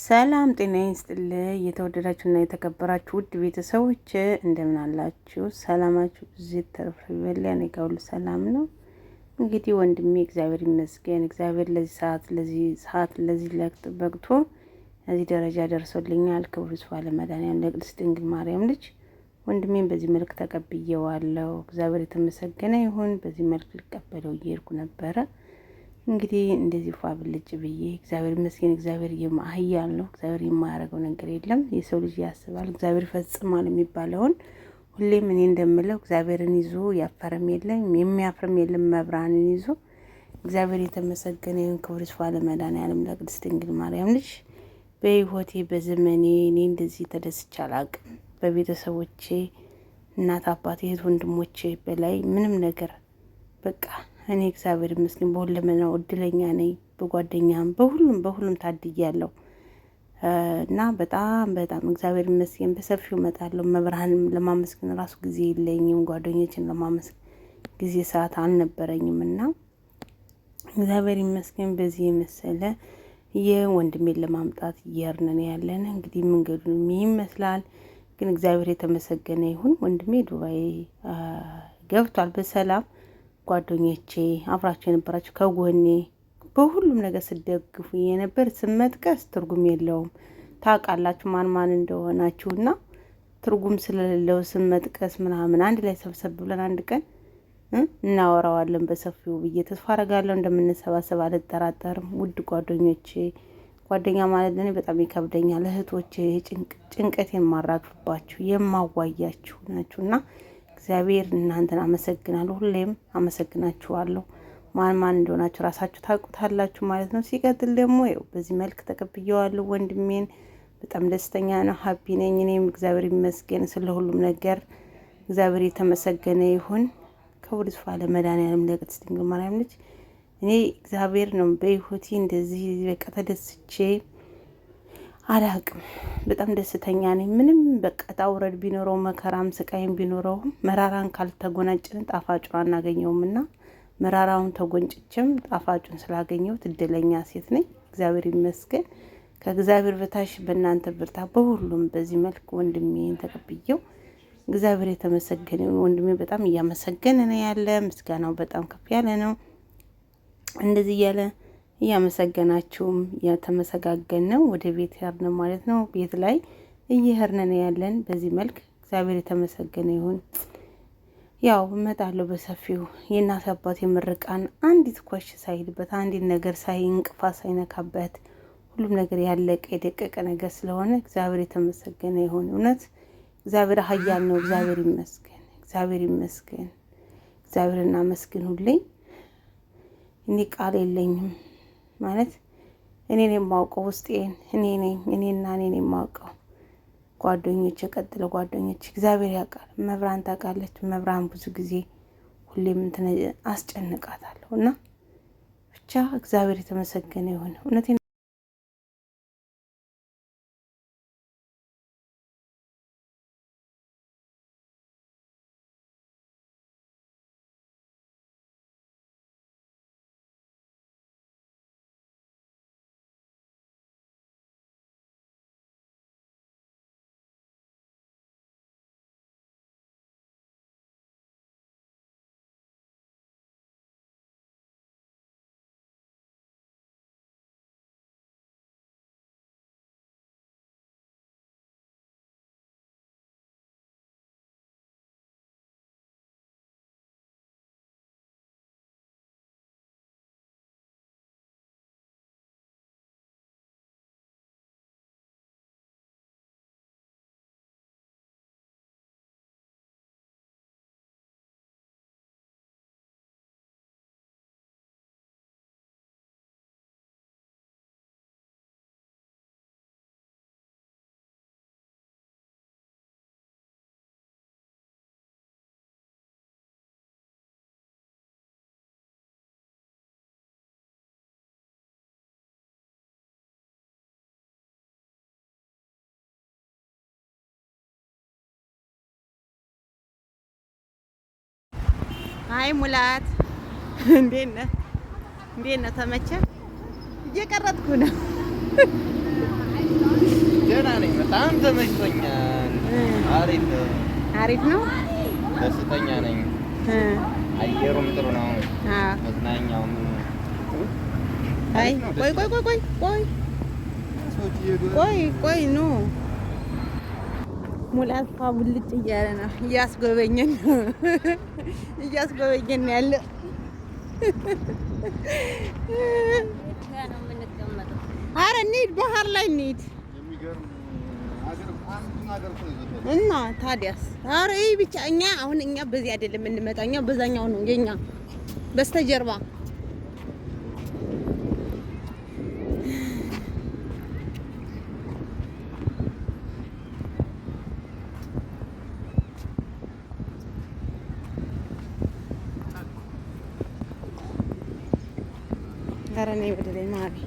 ሰላም ጤና ይስጥልኝ። የተወደዳችሁና የተከበራችሁ ውድ ቤተሰቦች እንደምን አላችሁ? ሰላማችሁ ብዜት ተርፍ ይበል። እኔ ጋር ሁሉ ሰላም ነው። እንግዲህ ወንድሜ እግዚአብሔር ይመስገን። እግዚአብሔር ለዚህ ሰዓት ለዚህ ሰዓት ለዚህ ለቅጥ በቅቶ እዚህ ደረጃ ደርሶልኛል። ክብር ይስፋ ለመድኃኒዓለም ለቅድስት ድንግል ማርያም ልጅ ወንድሜን በዚህ መልክ ተቀብዬዋለሁ። እግዚአብሔር የተመሰገነ ይሁን። በዚህ መልክ ልቀበለው እየሄድኩ ነበረ እንግዲህ እንደዚህ ፏ ብልጭ ብዬ እግዚአብሔር ይመስገን። እግዚአብሔር ኃያል ነው። እግዚአብሔር የማያደርገው ነገር የለም። የሰው ልጅ ያስባል፣ እግዚአብሔር ይፈጽማል የሚባለውን ሁሌም እኔ እንደምለው እግዚአብሔርን ይዞ ያፈረም የለም የሚያፍርም የለም። መብራንን ይዞ እግዚአብሔር የተመሰገነ ይሁን። ክብር ይስፋ ለመድኃኔዓለም ለቅድስት ድንግል ማርያም ልጅ። በህይወቴ በዘመኔ እኔ እንደዚህ ተደስቼ አላቅም። በቤተሰቦቼ እናት አባቴ፣ እህት ወንድሞቼ በላይ ምንም ነገር በቃ እኔ እግዚአብሔር ይመስገን በሁለመናው እድለኛ ነኝ። በጓደኛም በሁሉም በሁሉም ታድያለሁ እና በጣም በጣም እግዚአብሔር ይመስገን በሰፊው እመጣለሁ። መብርሃንም ለማመስገን ራሱ ጊዜ የለኝም። ጓደኞችን ለማመስገን ጊዜ ሰዓት አልነበረኝም እና እግዚአብሔር ይመስገን በዚህ የመሰለ የወንድሜን ለማምጣት እየርነን ያለን እንግዲህ መንገዱ ይመስላል። ግን እግዚአብሔር የተመሰገነ ይሁን ወንድሜ ዱባይ ገብቷል በሰላም ጓደኞቼ አብራችሁ የነበራቸው ከጎኔ በሁሉም ነገር ስደግፉ የነበር ስመጥቀስ ትርጉም የለውም። ታውቃላችሁ ማን ማን እንደሆናችሁና ትርጉም ስለሌለው ስመጥቀስ ምናምን አንድ ላይ ሰብሰብ ብለን አንድ ቀን እናወራዋለን በሰፊው ብዬ ተስፋ አረጋለሁ። እንደምንሰባሰብ አልጠራጠርም። ውድ ጓደኞቼ ጓደኛ ማለት ለእኔ በጣም ይከብደኛል። እህቶቼ ጭንቀት የማራግፍባችሁ የማዋያችሁ ናችሁና እግዚአብሔር እናንተን አመሰግናለሁ። ሁሌም አመሰግናችኋለሁ። ማን ማን እንደሆናችሁ ራሳችሁ ታውቁታላችሁ ማለት ነው። ሲቀጥል ደግሞ ይኸው በዚህ መልክ ተቀብየዋለሁ ወንድሜን። በጣም ደስተኛ ነው፣ ሀፒ ነኝ እኔም። እግዚአብሔር ይመስገን ስለ ሁሉም ነገር። እግዚአብሔር የተመሰገነ ይሁን። ክብር ይስፋ ለመድኃኒዓለም ለቅድስት ድንግል ማርያም ልጅ። እኔ እግዚአብሔር ነው በይሁቲ እንደዚህ በቃ ተደስቼ አላቅም በጣም ደስተኛ ነኝ። ምንም በቃ ጣውረድ ቢኖረው መከራም ስቃይም ቢኖረው መራራን ካልተጎናጭን ጣፋጩን አናገኘውም እና መራራውን ተጎንጭችም ጣፋጩን ስላገኘው እድለኛ ሴት ነኝ። እግዚአብሔር ይመስገን። ከእግዚአብሔር በታች በእናንተ ብርታ በሁሉም በዚህ መልክ ወንድሜን ተቀብየው እግዚአብሔር የተመሰገነ ወንድሜ በጣም እያመሰገነ ነው ያለ። ምስጋናው በጣም ከፍ ያለ ነው። እንደዚህ እያለ እያመሰገናችሁም እያተመሰጋገን ነው ወደ ቤት ሄድን ማለት ነው። ቤት ላይ እየሄድን ያለን በዚህ መልክ እግዚአብሔር የተመሰገነ ይሁን። ያው እመጣለሁ በሰፊው የእናት አባት የምርቃን አንዲት ኮሽ ሳይልበት አንዲት ነገር ሳይ እንቅፋት ሳይነካበት ሁሉም ነገር ያለቀ የደቀቀ ነገር ስለሆነ እግዚአብሔር የተመሰገነ ይሁን። እውነት እግዚአብሔር ኃያል ነው። እግዚአብሔር ይመስገን፣ እግዚአብሔር ይመስገን። እግዚአብሔር እናመስግን ሁሌ። እኔ ቃል የለኝም። ማለት እኔን የማውቀው ውስጤን እኔ ነኝ እኔና እኔን የማውቀው ጓደኞች የቀጥለ ጓደኞች እግዚአብሔር ያውቃል። መብራን ታውቃለች። መብራን ብዙ ጊዜ ሁሌም እንትን አስጨንቃታለሁ እና ብቻ እግዚአብሔር የተመሰገነ የሆነ ። እውነት አይ ሙላት እንዴት ነህ? እንዴት እየቀረጥኩ ነው። ደህና ነኝ። በጣም ተመችቶኛል። አሪፍ አሪፍ ነው። ደስተኛ ነኝ። አየሩም ጥሩ ነው። መዝናኛውም አይ ቆይ ቆይ ቆይ ቆይ ቆይ ቆይ ቆይ ሙላት ፋቡልጭ እያለ ነው እያስጎበኘን እያስጎበኘን ያለ አረ እንሂድ፣ ባህር ላይ እንሂድ እና ታዲያስ። አረ ይህ ብቻ እኛ አሁን እኛ በዚህ አይደለም የምንመጣ እኛ በዛኛው ነው የኛ በስተጀርባ தரணி விடுதலை மாறி